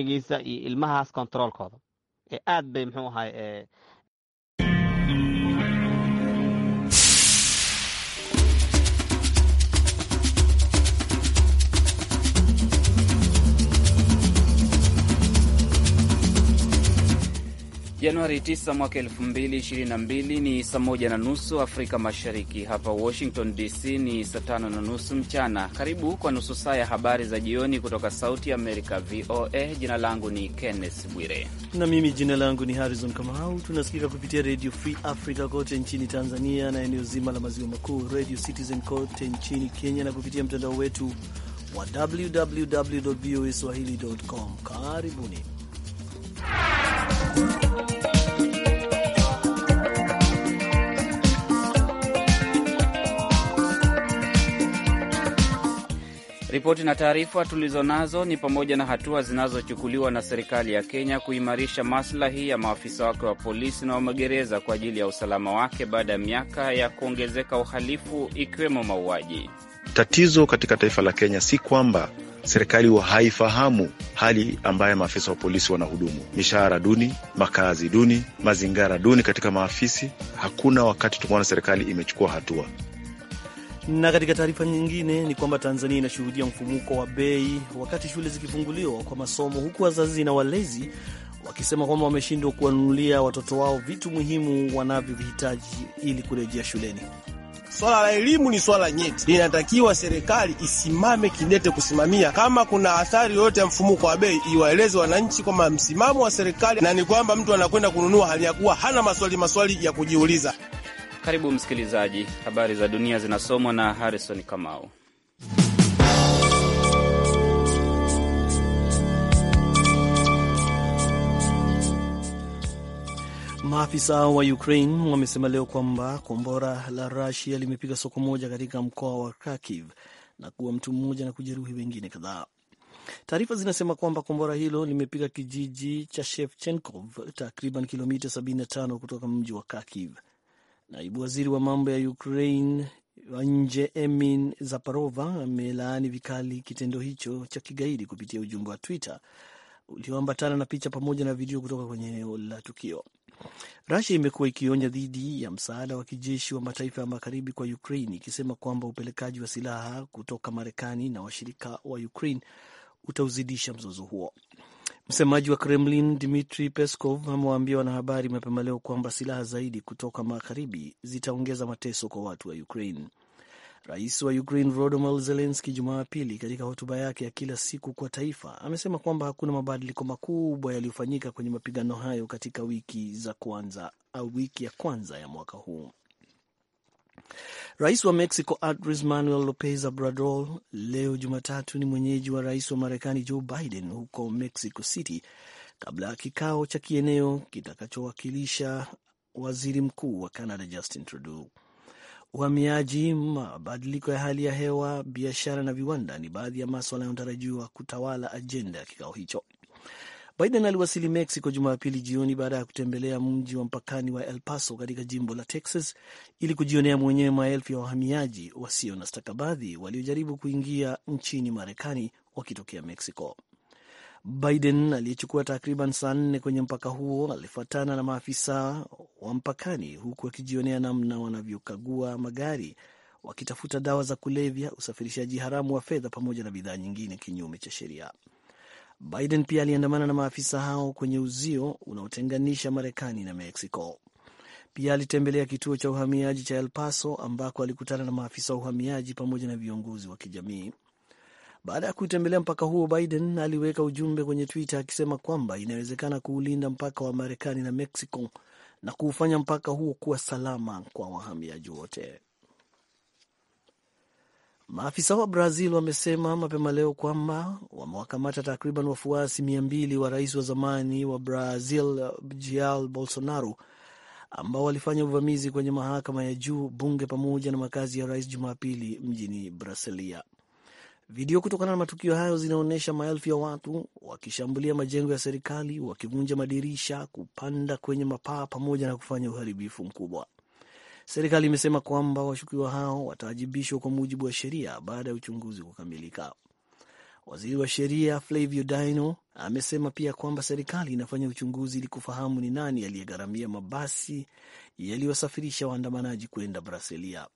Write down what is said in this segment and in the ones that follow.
iyo ilmahaas controolkooda aad bay mxuu ahay Januari 9 mwaka 2022 ni saa moja na nusu Afrika Mashariki. Hapa Washington DC ni saa tano na nusu mchana. Karibu kwa nusu saa ya habari za jioni kutoka Sauti Amerika, VOA. Jina langu ni Kenneth Bwire na mimi jina langu ni Harrison Kamau. Tunasikika kupitia Redio Free Africa kote nchini Tanzania na eneo zima la maziwa makuu, Radio Citizen kote nchini Kenya na kupitia mtandao wetu wa www voa swahili.com. Karibuni. Ripoti na taarifa tulizo nazo ni pamoja na hatua zinazochukuliwa na serikali ya Kenya kuimarisha maslahi ya maafisa wake wa polisi na wa magereza kwa ajili ya usalama wake baada ya miaka ya kuongezeka uhalifu ikiwemo mauaji. Tatizo katika taifa la Kenya si kwamba serikali haifahamu hali ambayo maafisa wa polisi wanahudumu: mishahara duni, makazi duni, mazingira duni katika maafisi. Hakuna wakati tumeona serikali imechukua hatua. Na katika taarifa nyingine ni kwamba Tanzania inashuhudia mfumuko wa bei wakati shule zikifunguliwa kwa masomo, huku wazazi na walezi wakisema kwamba wameshindwa kuwanunulia watoto wao vitu muhimu wanavyovihitaji ili kurejea shuleni. Swala la elimu ni swala nyeti, linatakiwa serikali isimame kidete kusimamia. Kama kuna athari yoyote ya mfumuko wa bei, iwaeleze wananchi kwamba msimamo wa serikali na ni kwamba mtu anakwenda kununua hali ya kuwa hana maswali maswali ya kujiuliza. Karibu msikilizaji, habari za dunia zinasomwa na Harrison Kamau. Maafisa wa Ukraine wamesema leo kwamba kombora la Rusia limepiga soko moja katika mkoa wa Kharkiv na kuwa mtu mmoja na kujeruhi wengine kadhaa. Taarifa zinasema kwamba kombora hilo limepiga kijiji cha Shevchenkov takriban kilomita 75 kutoka mji wa Kharkiv. Naibu waziri wa mambo ya Ukraine wa nje Emin Zaparova amelaani vikali kitendo hicho cha kigaidi kupitia ujumbe wa Twitter ulioambatana na picha pamoja na video kutoka kwenye eneo la tukio. Rusia imekuwa ikionya dhidi ya msaada wa kijeshi wa mataifa ya magharibi kwa Ukraine, ikisema kwamba upelekaji wa silaha kutoka Marekani na washirika wa Ukraine utauzidisha mzozo huo. Msemaji wa Kremlin Dmitri Peskov amewaambia wanahabari mapema leo kwamba silaha zaidi kutoka magharibi zitaongeza mateso kwa watu wa Ukraine. Rais wa Ukraine Volodymyr jumaa Jumapili, katika hotuba yake ya kila siku kwa taifa, amesema kwamba hakuna mabadiliko makubwa yaliyofanyika kwenye mapigano hayo katika wiki za kwanza au wiki ya kwanza ya mwaka huu. Rais wa Mexico Andres Manuel Lopez Obrador leo Jumatatu ni mwenyeji wa rais wa Marekani Joe Biden huko Mexico City kabla ya kikao cha kieneo kitakachowakilisha waziri mkuu wa Canada Justin Trudeau. Uhamiaji, mabadiliko ya hali ya hewa, biashara na viwanda ni baadhi ya maswala yanayotarajiwa kutawala ajenda ya kikao hicho. Biden aliwasili Mexico Jumapili jioni baada ya kutembelea mji wa mpakani wa El Paso katika jimbo la Texas ili kujionea mwenyewe maelfu ya wahamiaji wasio na stakabadhi waliojaribu kuingia nchini Marekani wakitokea Mexico. Biden aliyechukua takriban saa nne kwenye mpaka huo alifuatana na maafisa wa mpakani huku akijionea namna wanavyokagua magari wakitafuta dawa za kulevya, usafirishaji haramu wa fedha pamoja na bidhaa nyingine kinyume cha sheria. Biden pia aliandamana na maafisa hao kwenye uzio unaotenganisha Marekani na Mexico. Pia alitembelea kituo cha uhamiaji cha El Paso ambako alikutana na maafisa wa uhamiaji pamoja na viongozi wa kijamii. Baada ya kuitembelea mpaka huo, Biden aliweka ujumbe kwenye Twitter akisema kwamba inawezekana kuulinda mpaka wa Marekani na Mexico na kuufanya mpaka huo kuwa salama kwa wahamiaji wote. Maafisa wa Brazil wamesema mapema leo kwamba wamewakamata takriban wafuasi mia mbili wa rais wa zamani wa Brazil Jair Bolsonaro ambao walifanya uvamizi kwenye mahakama ya juu, bunge pamoja na makazi ya rais Jumapili mjini Brasilia. Video kutokana na matukio hayo zinaonyesha maelfu ya watu wakishambulia majengo ya serikali, wakivunja madirisha, kupanda kwenye mapaa pamoja na kufanya uharibifu mkubwa. Serikali imesema kwamba washukiwa hao watawajibishwa kwa mujibu wa sheria baada ya uchunguzi kukamilika. Waziri wa sheria Flavio Dino amesema pia kwamba serikali inafanya uchunguzi ili kufahamu ni nani aliyegharamia mabasi yaliyosafirisha waandamanaji kwenda Brasilia.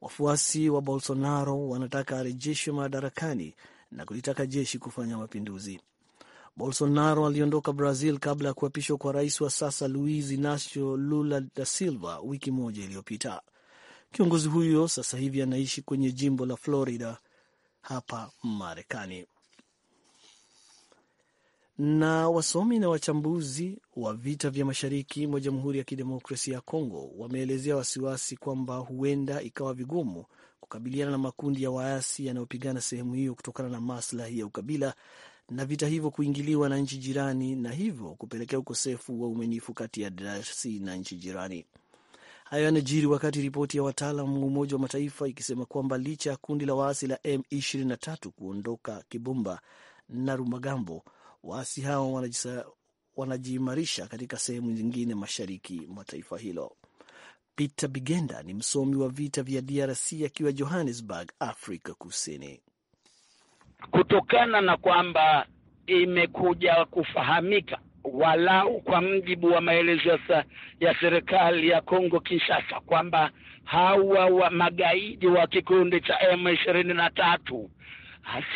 Wafuasi wa Bolsonaro wanataka arejeshwe madarakani na kulitaka jeshi kufanya mapinduzi. Bolsonaro aliondoka Brazil kabla ya kuapishwa kwa rais wa sasa Luiz Inacio Lula da Silva wiki moja iliyopita. Kiongozi huyo sasa hivi anaishi kwenye jimbo la Florida hapa Marekani. Na wasomi na wachambuzi wa vita vya mashariki mwa Jamhuri ya Kidemokrasia ya Kongo wameelezea wasiwasi kwamba huenda ikawa vigumu kukabiliana na makundi ya waasi yanayopigana sehemu hiyo kutokana na maslahi ya ukabila na vita hivyo kuingiliwa na nchi jirani na hivyo kupelekea ukosefu wa umenifu kati ya DRC na nchi jirani. Hayo yanajiri wakati ripoti ya wataalam wa Umoja wa Mataifa ikisema kwamba licha ya kundi la waasi la M23 kuondoka Kibumba na Rumagambo, waasi hao wanajiimarisha katika sehemu nyingine mashariki mwa taifa hilo. Peter Bigenda ni msomi wa vita vya DRC akiwa Johannesburg, Afrika Kusini kutokana na kwamba imekuja kufahamika walau kwa mjibu wa maelezo ya serikali ya Kongo Kinshasa kwamba hawa wa magaidi wa kikundi cha M23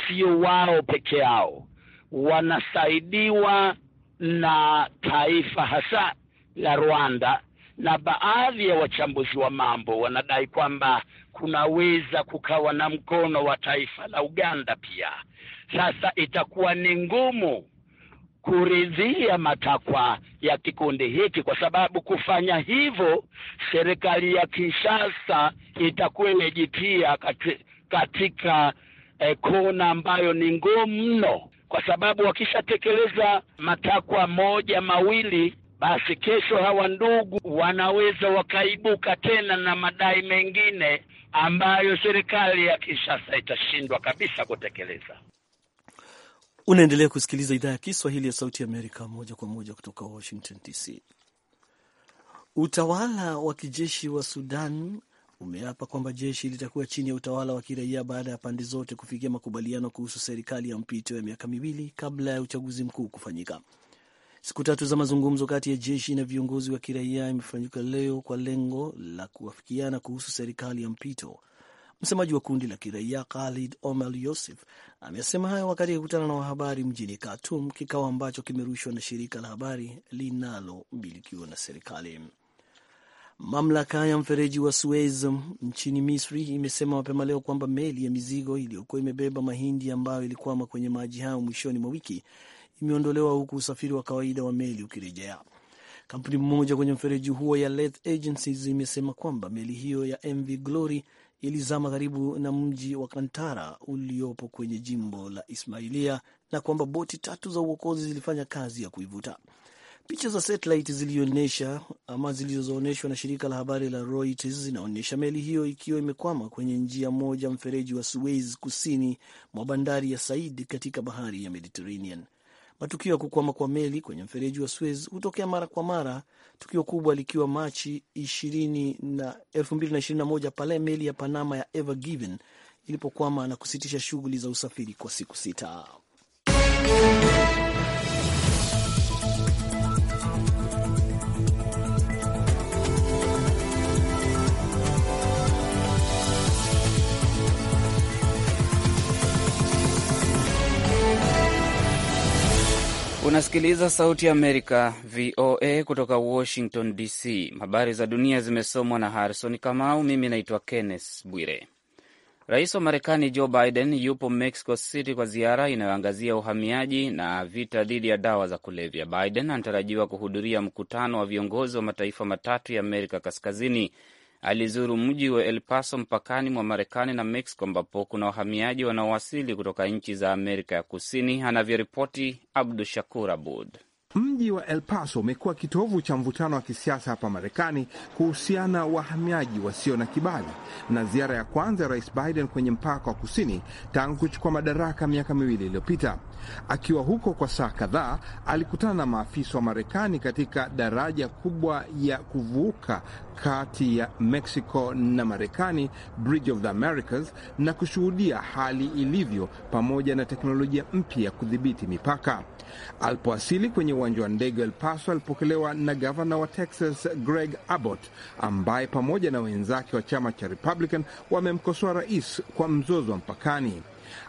sio wao peke yao, wanasaidiwa na taifa hasa la Rwanda na baadhi ya wachambuzi wa mambo wanadai kwamba kunaweza kukawa na mkono wa taifa la Uganda pia. Sasa itakuwa ni ngumu kuridhia matakwa ya kikundi hiki, kwa sababu kufanya hivyo serikali ya Kinshasa itakuwa imejitia katika eh, kona ambayo ni ngumu mno, kwa sababu wakishatekeleza matakwa moja mawili basi kesho hawa ndugu wanaweza wakaibuka tena na madai mengine ambayo serikali ya Kinshasa itashindwa kabisa kutekeleza. Unaendelea kusikiliza idhaa ya Kiswahili ya Sauti ya Amerika moja kwa moja kutoka Washington DC. Utawala wa kijeshi wa Sudan umeapa kwamba jeshi litakuwa chini ya utawala wa kiraia baada ya pande zote kufikia makubaliano kuhusu serikali ya mpito ya miaka miwili kabla ya uchaguzi mkuu kufanyika. Siku tatu za mazungumzo kati ya jeshi na viongozi wa kiraia imefanyika leo kwa lengo la kuafikiana kuhusu serikali ya mpito. Msemaji wa kundi la kiraia Khalid Omar Yosef amesema hayo wakati akikutana na wahabari mjini Khartoum, kikao ambacho kimerushwa na shirika la habari linalomilikiwa na serikali. Mamlaka ya mfereji wa Suez nchini Misri imesema mapema leo kwamba meli ya mizigo iliyokuwa imebeba mahindi ambayo ilikwama kwenye maji hayo mwishoni mwa wiki imeondolewa huku usafiri wa kawaida wa meli ukirejea. Kampuni mmoja kwenye mfereji huo ya Leth Agencies imesema kwamba meli hiyo ya MV Glory ilizama karibu na mji wa Kantara uliopo kwenye jimbo la Ismailia na kwamba boti tatu za uokozi zilifanya kazi ya kuivuta. Picha za satelit zilionyesha ama zilizoonyeshwa na shirika la habari la Reuters zinaonyesha meli hiyo ikiwa imekwama kwenye njia moja mfereji wa Suez kusini mwa bandari ya Said katika bahari ya Mediterranean. Matukio ya kukwama kwa meli kwenye mfereji wa Suez hutokea mara kwa mara, tukio kubwa likiwa Machi 2021 pale meli ya Panama ya Ever Given ilipokwama na kusitisha shughuli za usafiri kwa siku sita. Unasikiliza Sauti ya Amerika, VOA, kutoka Washington DC. Habari za dunia zimesomwa na Harrison Kamau. Mimi naitwa Kenneth Bwire. Rais wa Marekani Joe Biden yupo Mexico City kwa ziara inayoangazia uhamiaji na vita dhidi ya dawa za kulevya. Biden anatarajiwa kuhudhuria mkutano wa viongozi wa mataifa matatu ya Amerika Kaskazini alizuru mji wa El Paso mpakani mwa Marekani na Mexico, ambapo kuna wahamiaji wanaowasili kutoka nchi za Amerika ya Kusini, anavyoripoti Abdu Shakur Abud. Mji wa El Paso umekuwa kitovu cha mvutano wa kisiasa hapa Marekani kuhusiana wahamiaji wasio na kibali na ziara ya kwanza ya Rais Biden kwenye mpaka wa kusini tangu kuchukua madaraka miaka miwili iliyopita. Akiwa huko kwa saa kadhaa, alikutana na maafisa wa Marekani katika daraja kubwa ya kuvuka kati ya Mexico na Marekani, Bridge of the Americas, na kushuhudia hali ilivyo pamoja na teknolojia mpya ya kudhibiti mipaka. Alipowasili kwenye uwanja wa ndege El Paso, alipokelewa na gavana wa Texas Greg Abbott, ambaye pamoja na wenzake wa chama cha Republican wamemkosoa rais kwa mzozo wa mpakani.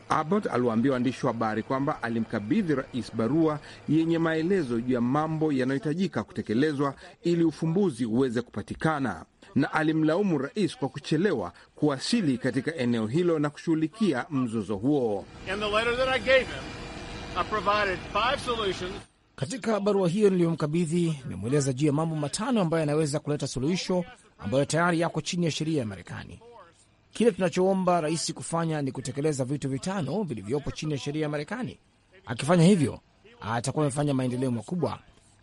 Abbott aliwaambia waandishi wa habari kwamba alimkabidhi rais barua yenye maelezo juu ya mambo yanayohitajika kutekelezwa ili ufumbuzi uweze kupatikana, na alimlaumu rais kwa kuchelewa kuwasili katika eneo hilo na kushughulikia mzozo huo. Katika barua hiyo niliyomkabidhi, nimemweleza juu ya mambo matano ambayo yanaweza kuleta suluhisho ambayo tayari yako chini ya sheria ya Marekani. Kile tunachoomba rais kufanya ni kutekeleza vitu vitano vilivyopo chini ya sheria ya Marekani. Akifanya hivyo, atakuwa amefanya maendeleo makubwa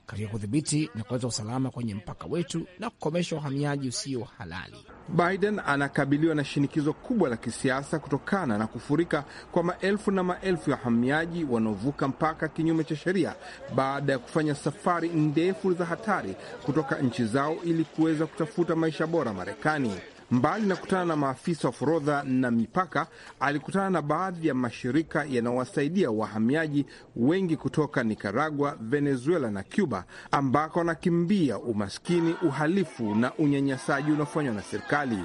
katika kudhibiti na kuleta usalama kwenye mpaka wetu na kukomesha uhamiaji usio halali. Biden anakabiliwa na shinikizo kubwa la kisiasa kutokana na kufurika kwa maelfu na maelfu ya wahamiaji wanaovuka mpaka kinyume cha sheria baada ya kufanya safari ndefu za hatari kutoka nchi zao ili kuweza kutafuta maisha bora Marekani. Mbali na kutana na maafisa wa forodha na mipaka, alikutana na baadhi ya mashirika yanayowasaidia wahamiaji wengi kutoka nikaragua Venezuela na Cuba, ambako wanakimbia umaskini, uhalifu na unyanyasaji unaofanywa na serikali.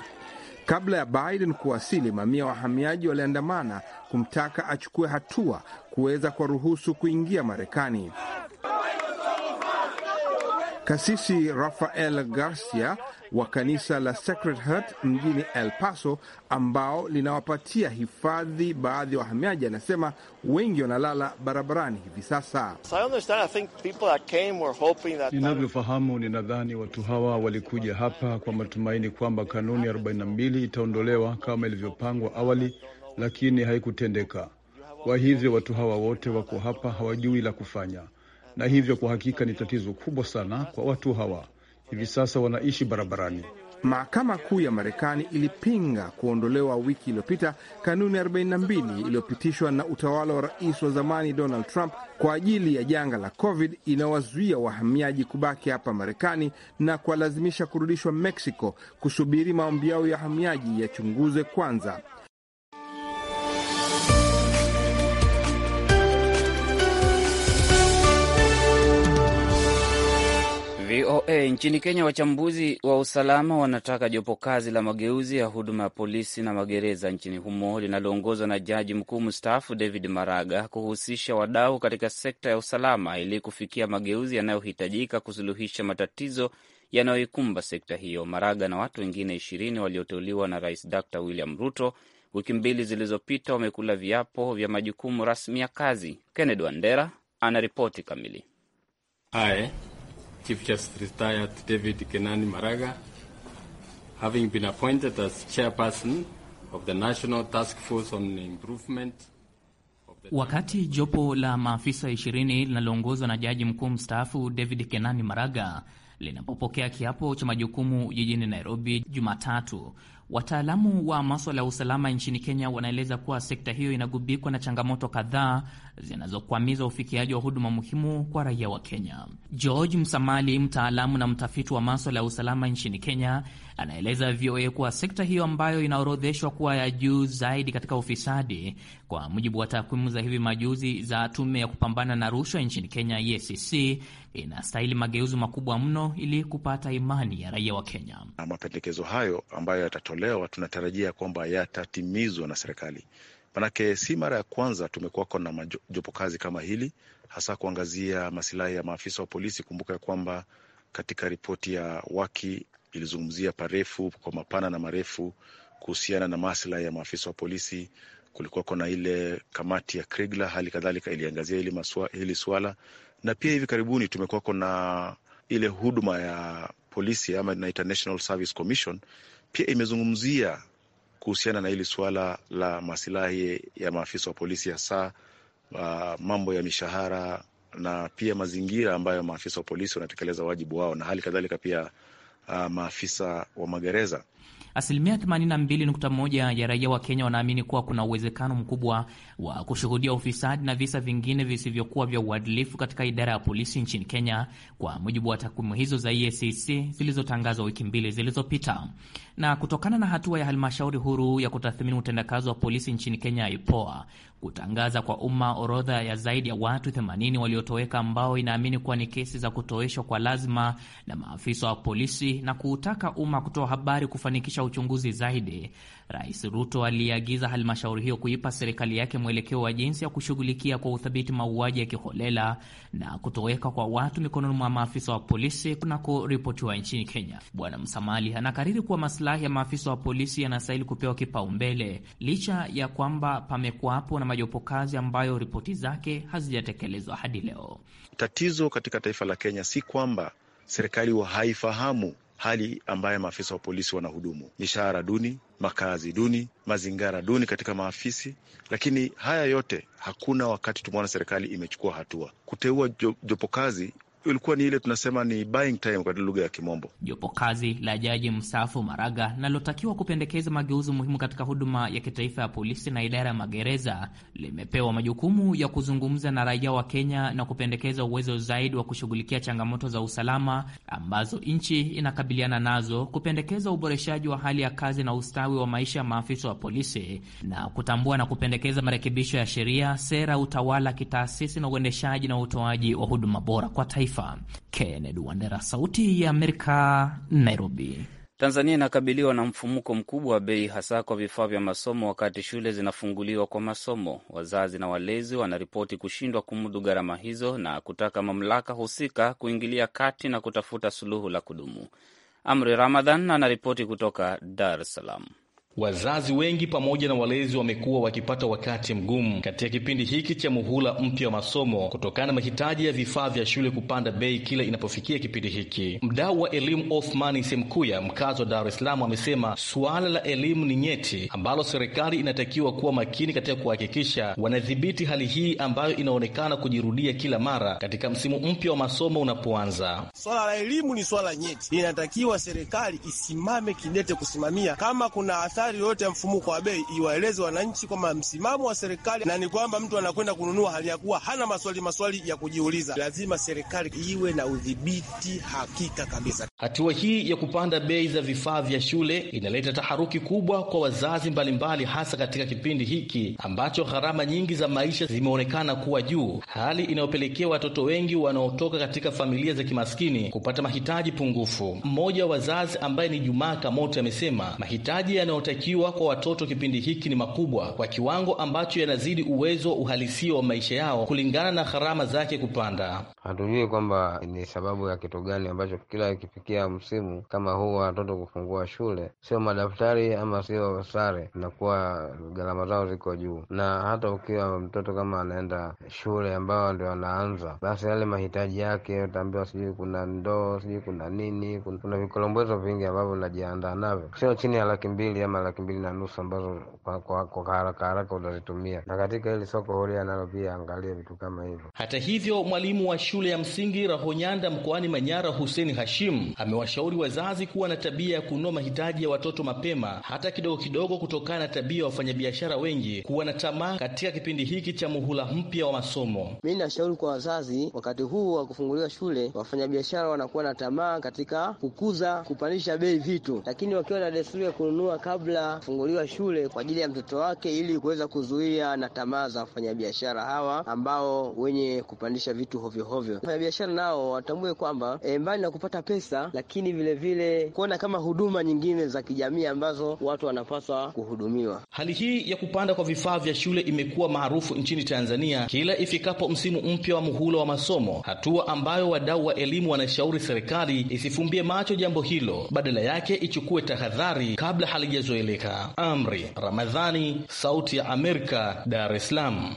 Kabla ya Biden kuwasili, mamia wahamiaji waliandamana kumtaka achukue hatua kuweza kuwaruhusu kuingia Marekani. Kasisi Rafael Garcia wa kanisa la Sacred Heart mjini El Paso, ambao linawapatia hifadhi baadhi ya wa wahamiaji, anasema wengi wanalala barabarani hivi sasa. Ninavyofahamu, ninadhani watu hawa walikuja hapa kwa matumaini kwamba kanuni 42 itaondolewa kama ilivyopangwa awali, lakini haikutendeka. Kwa hivyo watu hawa wote wako hapa, hawajui la kufanya na hivyo kwa hakika ni tatizo kubwa sana kwa watu hawa. Hivi sasa wanaishi barabarani. Mahakama Kuu ya Marekani ilipinga kuondolewa wiki iliyopita kanuni 42 iliyopitishwa na utawala wa rais wa zamani Donald Trump kwa ajili ya janga la COVID inawazuia wahamiaji kubaki hapa Marekani na kuwalazimisha kurudishwa Meksiko kusubiri maombi yao ya wahamiaji yachunguze kwanza. VOA nchini Kenya, wachambuzi wa usalama wanataka jopo kazi la mageuzi ya huduma ya polisi na magereza nchini humo linaloongozwa na jaji mkuu mstaafu David Maraga kuhusisha wadau katika sekta ya usalama ili kufikia mageuzi yanayohitajika kusuluhisha matatizo yanayoikumba sekta hiyo. Maraga na watu wengine ishirini walioteuliwa na Rais Dr William Ruto wiki mbili zilizopita wamekula viapo vya majukumu rasmi ya kazi. Kennedy Wandera anaripoti kamili. Aye. Chief Justice retired David Kenani Maraga, having been appointed as chairperson of the National Task Force on Improvement Wakati jopo la maafisa 20 linaloongozwa na jaji mkuu mstaafu David Kenani Maraga linapopokea kiapo cha majukumu jijini Nairobi Jumatatu, Wataalamu wa maswala ya usalama nchini Kenya wanaeleza kuwa sekta hiyo inagubikwa na changamoto kadhaa zinazokwamiza ufikiaji wa huduma muhimu kwa raia wa Kenya. George Msamali, mtaalamu na mtafiti wa maswala ya usalama nchini Kenya, anaeleza VOA kuwa sekta hiyo ambayo inaorodheshwa kuwa ya juu zaidi katika ufisadi kwa mujibu wa takwimu za hivi majuzi za tume ya kupambana na rushwa nchini Kenya, EACC, inastahili mageuzi makubwa mno ili kupata imani ya raia wa Kenya. Na mapendekezo hayo ambayo yatatolewa, tunatarajia kwamba yatatimizwa na serikali, manake si mara ya kwanza tumekuwako na majopo kazi kama hili, hasa kuangazia masilahi ya maafisa wa polisi. Kumbuka ya kwamba katika ripoti ya Waki ilizungumzia parefu kwa mapana na marefu kuhusiana na maslahi ya maafisa wa polisi. Kulikuwa kuna ile kamati ya Krigla, hali kadhalika iliangazia hili, maswa, hili swala, na pia hivi karibuni tumekuwa kuna ile huduma ya polisi ama na International Service Commission pia imezungumzia kuhusiana na hili suala la masilahi ya maafisa wa polisi hasa uh, mambo ya mishahara na pia mazingira ambayo maafisa wa polisi wanatekeleza wajibu wao, na hali kadhalika pia uh, maafisa wa magereza. Asilimia 82.1 ya raia wa Kenya wanaamini kuwa kuna uwezekano mkubwa wa kushuhudia ufisadi na visa vingine visivyokuwa vya uadilifu katika idara ya polisi nchini Kenya, kwa mujibu wa takwimu hizo za EACC zilizotangazwa wiki mbili zilizopita. Na kutokana na hatua ya halmashauri huru ya kutathmini utendakazi wa polisi nchini Kenya, IPOA, kutangaza kwa umma orodha ya zaidi ya watu 80 waliotoweka ambao inaamini kuwa ni kesi za kutoweshwa kwa lazima na maafisa wa polisi na kuutaka umma kutoa habari kufanikisha uchunguzi zaidi. Rais Ruto aliyeagiza halmashauri hiyo kuipa serikali yake mwelekeo wa jinsi ya kushughulikia kwa uthabiti mauaji ya kiholela na kutoweka kwa watu mikononi mwa maafisa wa polisi kunakoripotiwa nchini Kenya. Bwana Msamali anakariri kuwa masilahi ya maafisa wa polisi yanastahili kupewa kipaumbele licha ya kwamba pamekuwapo na majopo kazi ambayo ripoti zake hazijatekelezwa hadi leo. Tatizo katika taifa la Kenya si kwamba serikali haifahamu hali ambayo maafisa wa polisi wanahudumu: mishahara duni, makazi duni, mazingira duni katika maafisi. Lakini haya yote hakuna wakati tumeona serikali imechukua hatua. Kuteua jopo kazi ilikuwa ni ile tunasema ni buying time kwa lugha ya Kimombo. Jopo kazi la jaji mstaafu Maraga nalotakiwa kupendekeza mageuzi muhimu katika huduma ya kitaifa ya polisi na idara ya magereza limepewa majukumu ya kuzungumza na raia wa Kenya na kupendekeza uwezo zaidi wa kushughulikia changamoto za usalama ambazo nchi inakabiliana nazo, kupendekeza uboreshaji wa hali ya kazi na ustawi wa maisha ya maafisa wa polisi na kutambua na kupendekeza marekebisho ya sheria, sera, utawala kitaasisi na uendeshaji na utoaji wa huduma bora kwa taifa kimataifa. Kennedy Wandera, Sauti ya Amerika, Nairobi. Tanzania inakabiliwa na mfumuko mkubwa wa bei hasa kwa vifaa vya masomo wakati shule zinafunguliwa kwa masomo. Wazazi na walezi wanaripoti kushindwa kumudu gharama hizo na kutaka mamlaka husika kuingilia kati na kutafuta suluhu la kudumu. Amri Ramadhan anaripoti kutoka Dar es Salaam. Wazazi wengi pamoja na walezi wamekuwa wakipata wakati mgumu katika kipindi hiki cha muhula mpya wa masomo kutokana na mahitaji ya vifaa vya shule kupanda bei kila inapofikia kipindi hiki. Mdau wa elimu Othmani Semkuya, mkazi wa Dar es Salaam, amesema suala la elimu ni nyeti ambalo serikali inatakiwa kuwa makini katika kuhakikisha wanadhibiti hali hii ambayo inaonekana kujirudia kila mara katika msimu mpya wa masomo unapoanza. Swala la elimu ni swala nyeti, inatakiwa serikali isimame kidete kusimamia kama kuna athari hatari yoyote ya mfumuko wa bei, iwaeleze wananchi kwamba msimamo wa serikali na ni kwamba mtu anakwenda kununua hali ya kuwa hana maswali maswali ya kujiuliza. Lazima serikali iwe na udhibiti hakika kabisa. Hatua hii ya kupanda bei za vifaa vya shule inaleta taharuki kubwa kwa wazazi mbalimbali, hasa katika kipindi hiki ambacho gharama nyingi za maisha zimeonekana kuwa juu, hali inayopelekea watoto wengi wanaotoka katika familia za kimaskini kupata mahitaji pungufu. Mmoja wa wazazi ambaye ni Jumaa Kamoto amesema mahitaji yanayotakiwa yanayotakiwa kwa watoto kipindi hiki ni makubwa kwa kiwango ambacho yanazidi uwezo uhalisio wa maisha yao kulingana na gharama zake kupanda. Hatujui kwamba ni sababu ya kitu gani ambacho kila ikifikia msimu kama huu watoto kufungua shule, sio madaftari ama sio sare, inakuwa gharama zao ziko juu, na hata ukiwa mtoto kama anaenda shule ambayo ndio anaanza, basi yale mahitaji yake utaambiwa, sijui kuna ndoo, sijui kuna nini, kuna vikolombwezo vingi ambavyo unajiandaa navyo, sio chini ya laki mbili ama laki mbili na nusu ambazo kwa, haraka haraka unazitumia, na katika hili soko huria nalo pia angalia vitu kama hivyo. Hata hivyo, mwalimu wa shule ya msingi Rahonyanda mkoani Manyara Huseni Hashim amewashauri wazazi kuwa na tabia ya kununua mahitaji ya watoto mapema hata kidogo kidogo, kutokana na tabia ya wafanyabiashara wengi kuwa na tamaa katika kipindi hiki cha muhula mpya wa masomo. Mi nashauri kwa wazazi, wakati huu wa kufunguliwa shule, wafanyabiashara wanakuwa na tamaa katika kukuza, kupandisha bei vitu, lakini wakiwa na desturi ya kununua kabla kabla kufunguliwa shule kwa ajili ya mtoto wake ili kuweza kuzuia na tamaa za wafanyabiashara hawa ambao wenye kupandisha vitu hovyohovyo. Wafanyabiashara nao watambue kwamba e, mbali na kupata pesa, lakini vilevile kuona kama huduma nyingine za kijamii ambazo watu wanapaswa kuhudumiwa. Hali hii ya kupanda kwa vifaa vya shule imekuwa maarufu nchini Tanzania kila ifikapo msimu mpya wa muhula wa masomo, hatua ambayo wadau wa elimu wanashauri serikali isifumbie macho jambo hilo, badala yake ichukue tahadhari kabla halijazoea Abdulika Amri, Ramadhani, Sauti ya Amerika, Dar es Salaam.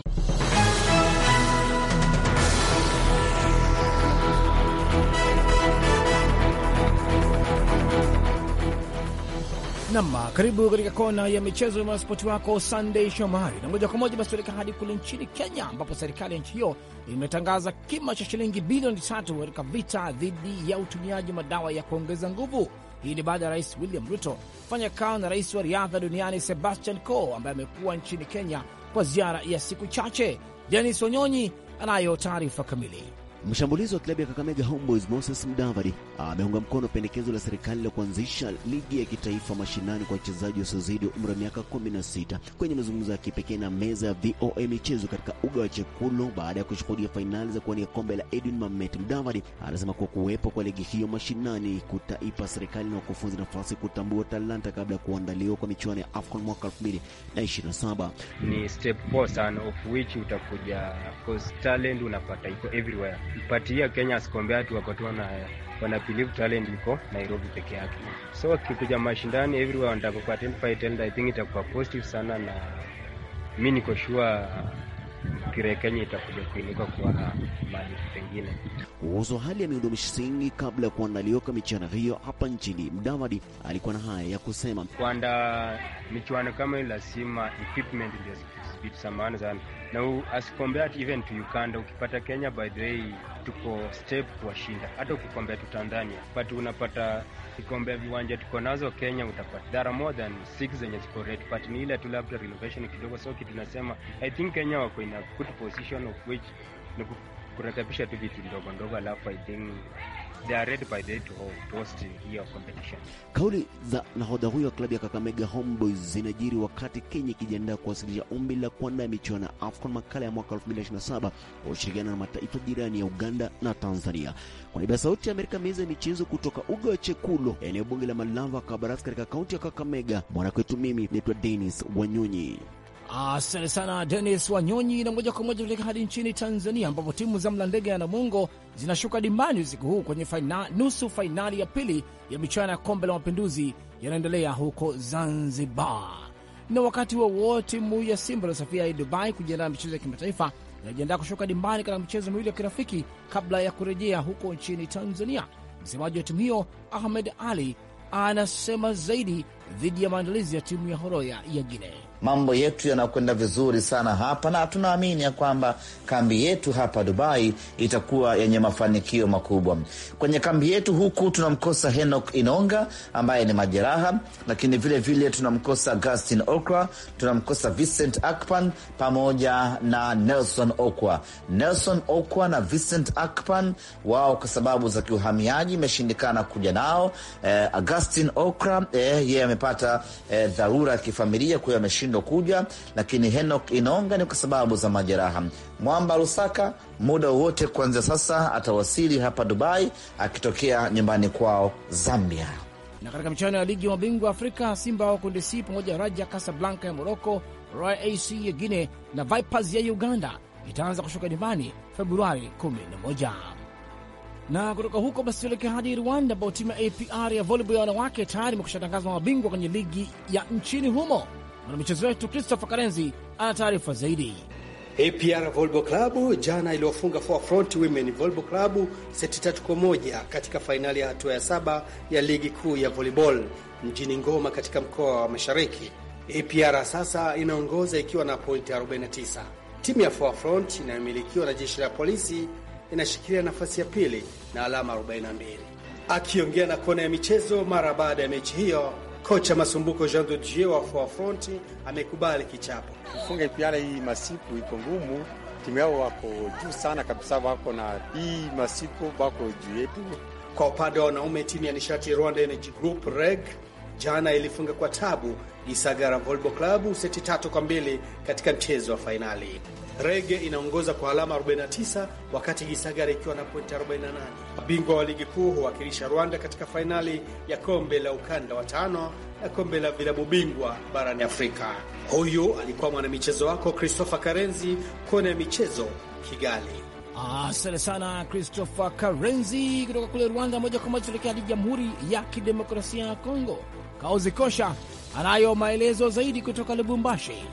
Nam, karibu katika kona ya michezo ya mwanaspoti wako sandey Shomari, na moja kwa moja basi tuelekea hadi kule nchini Kenya, ambapo serikali ya nchi hiyo imetangaza kima cha shilingi bilioni tatu katika vita dhidi ya utumiaji madawa ya kuongeza nguvu hii ni baada ya Rais William Ruto kufanya kao na rais wa riadha duniani Sebastian Coe ambaye amekuwa nchini Kenya kwa ziara ya siku chache. Denis onyonyi anayo taarifa kamili. Mshambulizi wa klabu ya Kakamega Homeboys Moses Mdavadi ah, ameunga mkono pendekezo la serikali la kuanzisha ligi ya kitaifa mashinani kwa wachezaji wasiozidi umri wa miaka 16 kwenye mazungumzo ya kipekee na meza ya VOA michezo katika uga wa Chekulo baada ya kushuhudia fainali za kuwania kombe la Edwin Mamet. mdavadi anasema kuwa kuwepo kwa ligi hiyo mashinani kutaipa serikali na wakufunzi nafasi kutambua talanta kabla ya kuandaliwa kwa michuano ya AFCON mwaka 2027. Ni step four sana, of which utakuja cause talent unapata iko everywhere Pati ya Kenya sikwambia ati wako na wana believe talent iko Nairobi peke yake. So kikuja mashindani everyone wanataka ku attend fight and I think itakuwa positive sana na mimi niko sure fikira Kenya itakuja kuinuka kuwa na mali pengine. Kuhusu hali ya miundo msingi kabla ya kuandaliwa kwa michuano hiyo hapa nchini, Mdamadi alikuwa na haya ya kusema: kwanda michuano kama hii lazima equipment ndio vitu sana, na asikombea event Uganda ukipata Kenya by the way tuko step kuwashinda, hata ukikwambia tu Tanzania, but unapata ukikwambia viwanja tuko nazo Kenya, utapata there are more than six zenye ziko red, but ni ile tu labda renovation kidogo. So kitu tunasema I think Kenya wako in a good position of which ni kurekebisha tu vitu ndogo ndogo, alafu I think Kauli za nahodha huyo wa klabu ya Kakamega Homeboys zinajiri wakati Kenya ikijiandaa kuwasilisha ombi la kuandaa michuano ya AFCON makala ya mwaka 2027 kwa ushirikiano na mataifa jirani ya Uganda na Tanzania. Kwa niaba ya Sauti ya Amerika, meza ya michezo kutoka uga wa Chekulo, eneo bunge la Malava Kabarasi, katika kaunti ya Kakamega, mwanakwetu, mimi naitwa Dennis Wanyonyi. Asante sana Denis Wanyonyi. Na moja kwa moja tuleka hadi nchini Tanzania, ambapo timu za Mlandege ya Namungo zinashuka dimbani usiku huu kwenye faina, nusu fainali ya pili ya michuano ya kombe la mapinduzi yanaendelea huko Zanzibar. Na wakati huo timu ya Simba iliosafia hadi Dubai kujiandaa na michezo ya kimataifa inajiandaa kushuka dimbani katika michezo miwili ya kirafiki kabla ya kurejea huko nchini Tanzania. Msemaji wa timu hiyo Ahmed Ali anasema zaidi dhidi ya maandalizi ya timu ya Horoya ya Guinea mambo yetu yanakwenda vizuri sana hapa, na tunaamini ya kwamba kambi yetu hapa Dubai itakuwa yenye mafanikio makubwa. Kwenye kambi yetu huku tunamkosa Henok Inonga ambaye ni majeraha, lakini vile vile tunamkosa Gastin Okra, tunamkosa Vincent Akpan pamoja na Nelson Okwa. Nelson Okwa na Vincent Akpan wao kwa sababu za kiuhamiaji imeshindikana kuja nao. Eh, Agustin Okra eh, yeye amepata eh, dharura ya kifamilia, kwa hiyo ameshinda kushindwa kuja, lakini Henok Inaonga ni kwa sababu za majeraha. Mwamba Rusaka muda wowote kuanzia sasa atawasili hapa Dubai akitokea nyumbani kwao Zambia. Na katika michuano ya ligi ya mabingwa Afrika, Simba wa kundi C pamoja na Raja Kasablanka ya Moroko, Roy AC ya Guine na Vipers ya Uganda itaanza kushuka nyumbani Februari 11 na kutoka huko basi tuelekee hadi Rwanda, ambao timu ya APR ya volleyball ya wanawake tayari imekusha tangazwa mabingwa kwenye ligi ya nchini humo. Mwanamichezo wetu Christopher Karenzi ana taarifa zaidi. APR Volbo Club jana iliwafunga Four Front Women Volbo Club seti tatu kwa moja katika fainali ya hatua ya saba ya ligi kuu ya volleyball mjini Ngoma katika mkoa wa Mashariki. APR sasa inaongoza ikiwa na pointi 49. Timu ya Four Front inayomilikiwa na jeshi la polisi inashikilia nafasi ya pili na alama 42. Akiongea na kona ya michezo mara baada ya mechi hiyo Kocha Masumbuko Jean de Dieu wa Front amekubali kichapo. Kufunga IPR hii masiku iko ngumu, timu yao wako juu sana kabisa, wako na hii masiku wako juu yetu. Kwa upande wa wanaume, timu ya nishati Rwanda Energy Group REG jana ilifunga kwa tabu Isagara Volleyball Club seti tatu kwa mbili katika mchezo wa fainali. Rege inaongoza kwa alama 49 wakati Gisagara ikiwa na pointi 48. Mabingwa wa ligi kuu huwakilisha Rwanda katika fainali ya kombe la ukanda wa tano na kombe la vilabu bingwa barani Afrika. Huyu alikuwa mwanamichezo wako Christopher Karenzi, kona ya michezo Kigali. Asante sana Christopher Karenzi kutoka kule Rwanda. Moja kwa moja tuelekea hadi Jamhuri ya Kidemokrasia ya Kongo kaozi Kosha anayo maelezo zaidi kutoka Lubumbashi.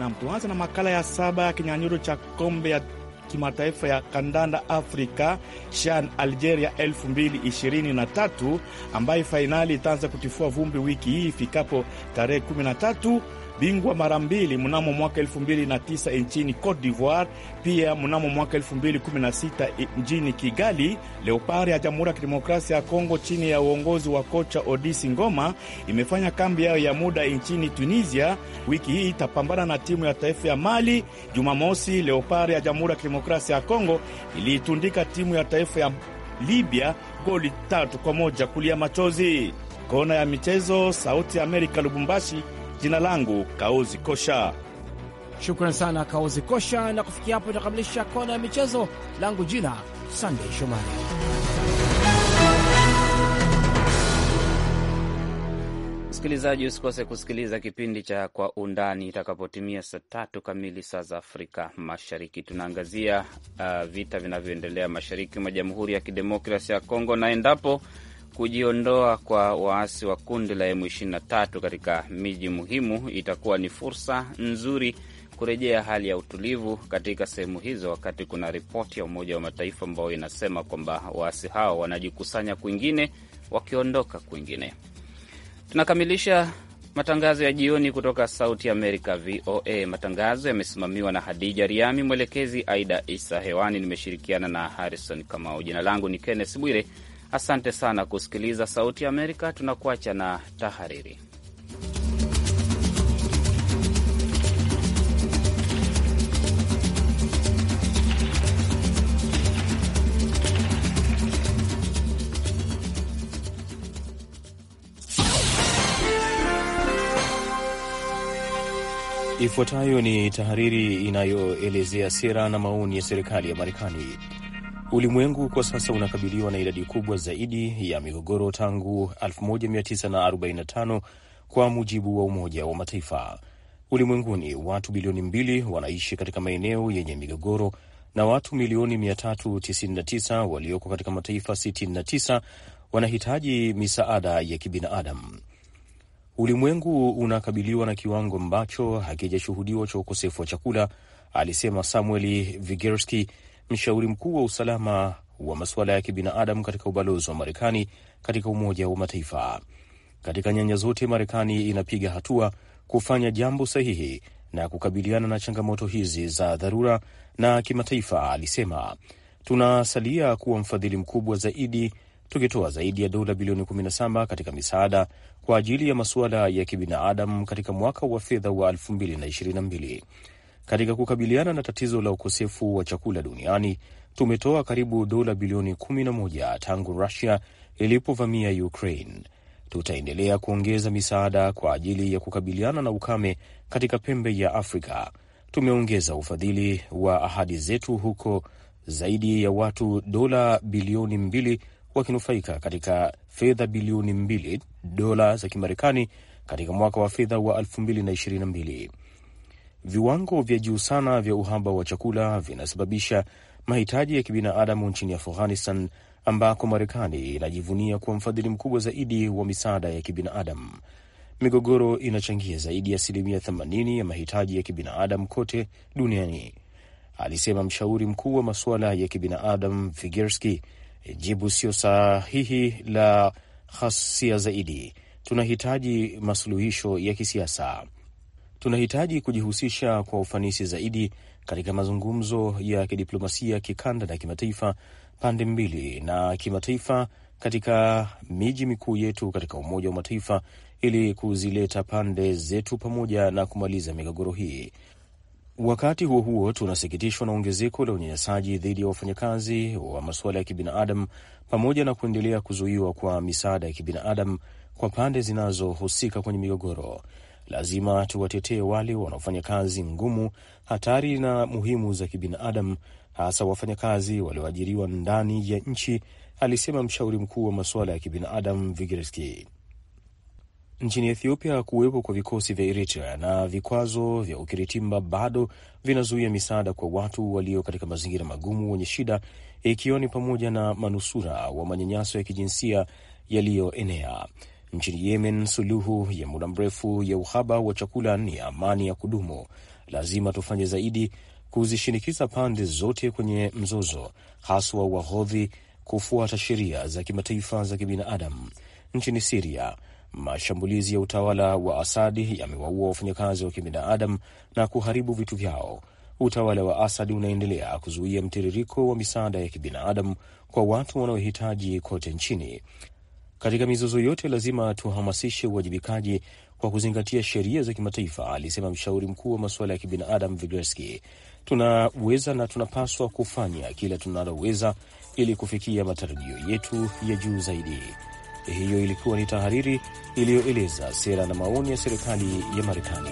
Nam, tuanza na makala ya saba ya kinyanyuro cha kombe ya kimataifa ya kandanda Afrika shan Algeria 2023 ambayo fainali itaanza kutifua vumbi wiki hii ifikapo tarehe bingwa mara mbili mnamo mwaka 2009 nchini Cote d'Ivoire, pia mnamo mwaka 2016 mjini Kigali. Leopard ya Jamhuri ya Kidemokrasia ya Kongo chini ya uongozi wa kocha Odisi Ngoma imefanya kambi yao ya muda nchini Tunisia. Wiki hii itapambana na timu ya taifa ya Mali. Jumamosi, Leopard ya Jamhuri ya Kidemokrasia ya Kongo iliitundika timu ya taifa ya Libya goli tatu kwa moja kulia machozi. Kona ya michezo, Sauti ya Amerika, Lubumbashi. Jina langu Kaozi Kosha. Shukran sana Kaozi Kosha, na kufikia hapo itakamilisha kona ya michezo. Langu jina Sandey Shomari. Msikilizaji, usikose kusikiliza kipindi cha Kwa Undani itakapotimia saa tatu kamili saa za Afrika Mashariki. Tunaangazia uh, vita vinavyoendelea mashariki mwa Jamhuri ya Kidemokrasia ya Kongo na endapo Kujiondoa kwa waasi wa kundi la M23 katika miji muhimu itakuwa ni fursa nzuri kurejea hali ya utulivu katika sehemu hizo, wakati kuna ripoti ya Umoja wa Mataifa ambayo inasema kwamba waasi hao wanajikusanya kwingine, wakiondoka kwingine. Tunakamilisha matangazo ya jioni kutoka Sauti Amerika, VOA. Matangazo yamesimamiwa na Hadija Riami, mwelekezi Aida Isa. Hewani nimeshirikiana na Harrison Kamau. Jina langu ni Kenneth Bwire. Asante sana kusikiliza Sauti ya Amerika. Tunakuacha na tahariri. Ifuatayo ni tahariri inayoelezea sera na maoni ya serikali ya Marekani. Ulimwengu kwa sasa unakabiliwa na idadi kubwa zaidi ya migogoro tangu 1945 kwa mujibu wa Umoja wa Mataifa. Ulimwenguni watu bilioni mbili wanaishi katika maeneo yenye migogoro na watu milioni 399 walioko katika mataifa 69 wanahitaji misaada ya kibinadamu. Ulimwengu unakabiliwa na kiwango ambacho hakijashuhudiwa cha ukosefu wa chakula, alisema Samuel Vigerski, mshauri mkuu wa usalama wa masuala ya kibinadamu katika ubalozi wa Marekani katika Umoja wa Mataifa. Katika nyanja zote, Marekani inapiga hatua kufanya jambo sahihi na kukabiliana na changamoto hizi za dharura na kimataifa, alisema. Tunasalia kuwa mfadhili mkubwa zaidi tukitoa zaidi ya dola bilioni 17 katika misaada kwa ajili ya masuala ya kibinadamu katika mwaka wa fedha wa 2022. Katika kukabiliana na tatizo la ukosefu wa chakula duniani, tumetoa karibu dola bilioni 11 tangu Rusia ilipovamia Ukraine. Tutaendelea kuongeza misaada kwa ajili ya kukabiliana na ukame katika pembe ya Afrika. Tumeongeza ufadhili wa ahadi zetu huko, zaidi ya watu dola bilioni mbili wakinufaika katika fedha bilioni mbili dola za Kimarekani katika mwaka wa fedha wa 2022. Viwango vya juu sana vya uhaba wa chakula vinasababisha mahitaji ya kibinadamu nchini Afghanistan, ambako Marekani inajivunia kuwa mfadhili mkubwa zaidi wa misaada ya kibinadamu. Migogoro inachangia zaidi ya asilimia 80 ya mahitaji ya kibinadamu kote duniani, alisema mshauri mkuu wa masuala ya kibinadamu Figerski. Jibu sio sahihi la ghasia zaidi, tunahitaji masuluhisho ya kisiasa tunahitaji kujihusisha kwa ufanisi zaidi katika mazungumzo ya kidiplomasia kikanda na kimataifa, pande mbili na kimataifa, katika miji mikuu yetu katika Umoja wa Mataifa ili kuzileta pande zetu pamoja na kumaliza migogoro hii. Wakati huo huo, tunasikitishwa na ongezeko la unyanyasaji dhidi ya wafanyakazi wa masuala ya kibinadamu pamoja na kuendelea kuzuiwa kwa misaada ya kibinadamu kwa pande zinazohusika kwenye migogoro. Lazima tuwatetee wale wanaofanya kazi ngumu, hatari na muhimu za kibinadamu, hasa wafanyakazi walioajiriwa ndani ya nchi, alisema mshauri mkuu wa masuala ya kibinadamu Vigreski. Nchini Ethiopia, kuwepo kwa vikosi vya Eritrea na vikwazo vya ukiritimba bado vinazuia misaada kwa watu walio katika mazingira magumu wenye shida, ikiwa ni pamoja na manusura wa manyanyaso ya kijinsia yaliyoenea. Nchini Yemen, suluhu ya muda mrefu ya uhaba wa chakula ni amani ya kudumu. Lazima tufanye zaidi kuzishinikiza pande zote kwenye mzozo, haswa Wahodhi, kufuata sheria za kimataifa za kibinadamu. Nchini Siria, mashambulizi ya utawala wa Asad yamewaua wafanyakazi wa kibinadamu na kuharibu vitu vyao. Utawala wa Asad unaendelea kuzuia mtiririko wa misaada ya kibinadamu kwa watu wanaohitaji kote nchini. Katika mizozo yote lazima tuhamasishe uwajibikaji kwa kuzingatia sheria za kimataifa, alisema mshauri mkuu wa masuala ya kibinadamu Vigreski. Tunaweza na tunapaswa kufanya kila tunaloweza ili kufikia matarajio yetu ya juu zaidi. Hiyo ilikuwa ni tahariri iliyoeleza sera na maoni ya serikali ya Marekani.